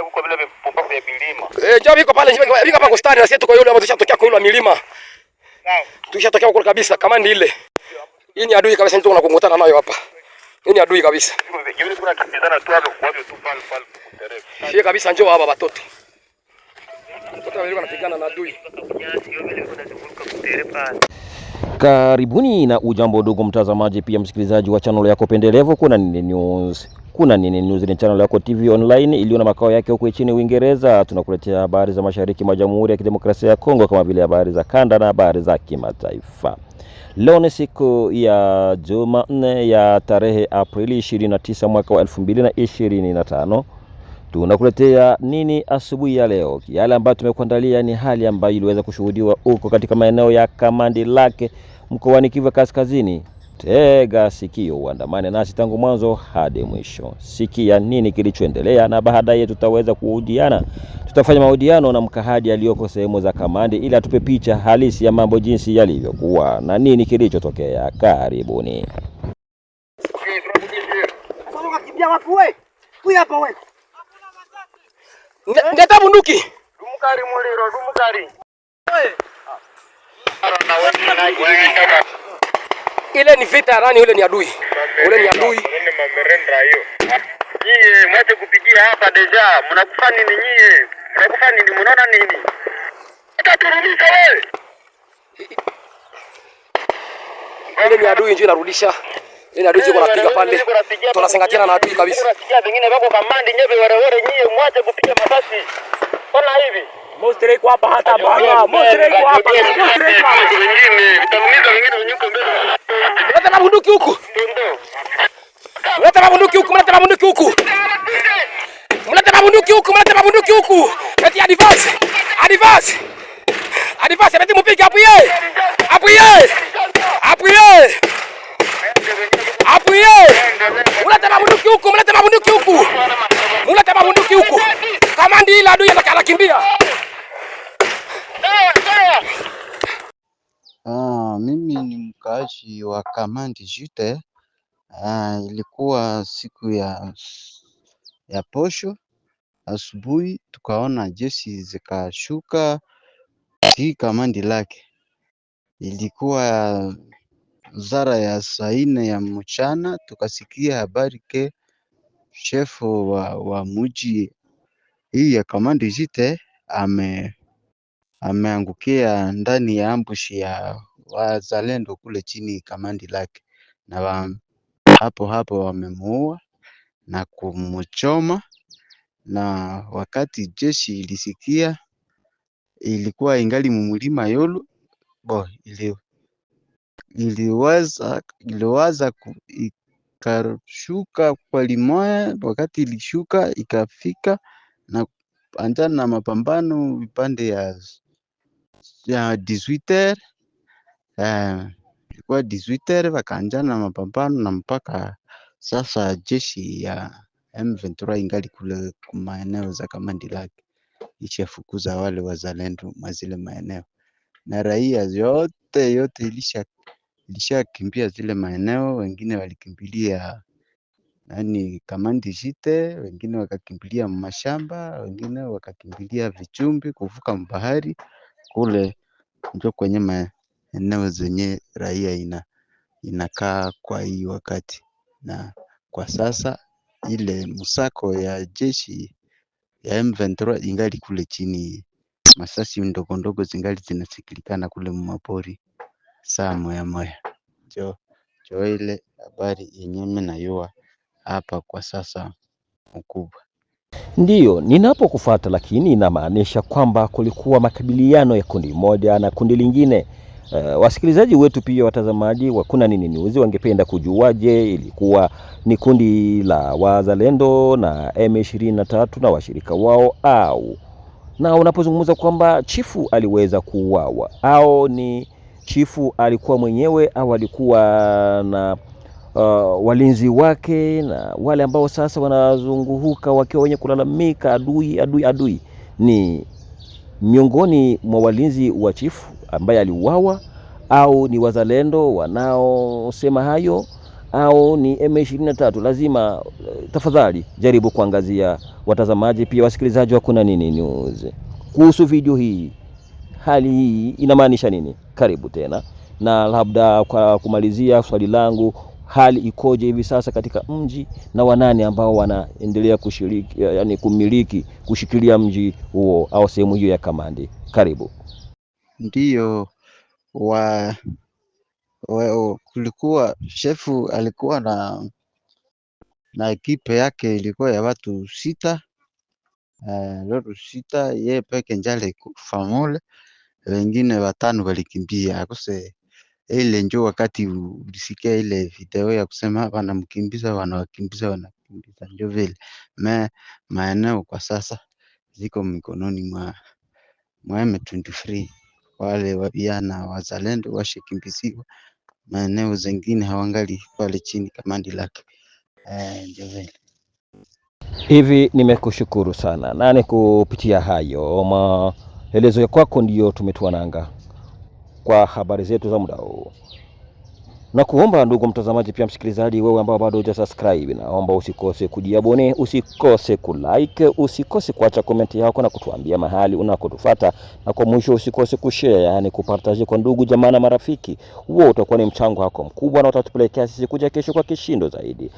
sababu kwa vile vipumbavu vya milima. Eh, jambo iko pale njiwa iko hapa kustari na sisi tuko yule ambaye tushatokea kwa yule wa milima. Naam. Tushatokea huko kabisa kama ni ile. Hii ni adui kabisa mtu unakungutana nayo hapa. Hii ni adui kabisa. Yule kuna kimbizana tu hapo kwa hiyo tu pale pale kutereka. Shie kabisa njoo hapa watoto. Watoto wale wanapigana na adui. Yule kuna zunguka kutereka. Karibuni na ujambo ndugu mtazamaji, pia msikilizaji wa channel yako pendelevu Kuna Nini News. Kuna Nini News ni channel yako TV online iliyo na makao yake huko nchini Uingereza. Tunakuletea habari za mashariki mwa Jamhuri ya Kidemokrasia ya Kongo, kama vile habari za kanda na habari za kimataifa. Leo ni siku ya Jumanne ya tarehe Aprili 29 mwaka wa 2025 Tunakuletea nini asubuhi ya leo? Yale ambayo tumekuandalia ni hali ambayo iliweza kushuhudiwa huko katika maeneo ya Kamandi Lake mkoani Kivu Kaskazini. Tega sikio, uandamane nasi tangu mwanzo hadi mwisho. Sikia nini kilichoendelea, na baadaye tutaweza kuhudiana, tutafanya mahudiano na mkahadi aliyoko sehemu za Kamandi ili atupe picha halisi ya mambo jinsi yalivyokuwa na nini kilichotokea. Karibuni. Ndeta bunduki. Dumukari muliro, dumukari. Ile ni vita rani, ule ni adui. Ule ni adui. Nyie mwache kupigia hapa deja, mnakufa nini nyie? Mnakufa nini? Mnaona nini? Ataturudisha wewe. Ile ni adui njoo inarudisha. Nini adui yuko anapiga pande. Tunasengatiana na adui kabisa. Tunasikia vingine wako kamandi nyewe wale wale nyie mwache kupiga mabasi. Ona hivi. Mostre iko hapa hata bana. Mostre iko hapa. Mostre iko hapa. Vingine vitamiza vingine vinyuko mbele. Leta na bunduki huku. Leta na bunduki huku. Leta na bunduki huku. Mlete mabunduki huku, mlete mabunduki huku. Eti advance. Advance. Advance, eti mupige hapo yeye. Hapo yeye. Hapo yeye. Hapo yeye. Mlete mabunduki huku, mlete mabunduki huku. Mlete mabunduki huku. Kamandi ile adui anakimbia. Ah, mimi ni mkaaji wa Kamandi Jite. Ah, ilikuwa siku ya ya posho asubuhi, tukaona jeshi zikashuka hii kamandi lake ilikuwa Zara ya saa ine ya mchana tukasikia habari ke shefu wa, wa hii ya Kamandi Jite ame ameangukia ndani ya ambushi ya wazalendo kule chini kamandi lake, na wa, hapo hapo wamemuua na kumchoma. Na wakati jeshi ilisikia ilikuwa ingali mumulima Yolu bo ili, iliwaza ikashuka kwa limoya, wakati ilishuka ikafika na anjana na mapambano vipande ya ya 18h eh, ilikuwa 18 wakaanjana na mapambano na mpaka sasa jeshi ya M23 ingali kule maeneo za kamandi lake ishafukuza wale wazalendo mazile maeneo na raia yote yote ilisha ilishakimbia zile maeneo, wengine walikimbilia nani kamandi jite, wengine wakakimbilia mashamba, wengine wakakimbilia vichumbi kuvuka mbahari kule njo kwenye maeneo zenye raia ina inakaa kwa hii wakati, na kwa sasa ile msako ya jeshi ya M23 ingali kule chini Masasi ndogo ndogo zingali zinasikilikana kule mapori saa moya moya. jo ile habari yenye nayua hapa kwa sasa mkubwa. Ndiyo, ninapokufuata lakini inamaanisha kwamba kulikuwa makabiliano ya kundi moja na kundi lingine. Uh, wasikilizaji wetu pia watazamaji wa Kuna Nini niuzi wangependa kujuaje ilikuwa ni kundi la wazalendo na M23 na washirika wao au na unapozungumza kwamba chifu aliweza kuuawa au ni chifu alikuwa mwenyewe au alikuwa na uh, walinzi wake na wale ambao sasa wanazunguhuka wakiwa wenye kulalamika adui, adui, adui, ni miongoni mwa walinzi wa chifu ambaye aliuawa au ni wazalendo wanaosema hayo? au ni M23, lazima eh, tafadhali jaribu kuangazia watazamaji pia wasikilizaji wa Kuna Nini News kuhusu video hii, hali hii inamaanisha nini? Karibu tena, na labda kwa kumalizia swali langu, hali ikoje hivi sasa katika mji na wanani ambao wanaendelea kushiriki, eh, yani kumiliki, kushikilia mji huo au sehemu hiyo ya Kamandi? Karibu. Ndiyo wa kulikuwa shefu alikuwa na na ekipe yake ilikuwa ya watu sita eh, watu sita ye peke njale famule wengine watano walikimbia akose ile njo wakati ulisikia ile video ya kusema wanamkimbiza wanawakimbiza wanakimbiza njo vile me maeneo kwa sasa ziko mikononi mwa mwa M23 wale vijana wazalendo washakimbiziwa maeneo zengine, hawangali pale chini kamandi lake Joveli. Eh, Hivi nimekushukuru sana na ni kupitia hayo maelezo ya kwako ndiyo tumetua nanga kwa habari zetu za muda huu na kuomba ndugu mtazamaji, pia msikilizaji, wewe ambao bado huja subscribe, naomba usikose kujiabone, usikose kulike, usikose kuacha komenti yako na kutuambia mahali unakotufata na kwa mwisho usikose kushare, yani kupartaje kwa ndugu jamaa na marafiki. Huo utakuwa ni mchango wako mkubwa na utatupelekea sisi kuja kesho kwa kishindo zaidi.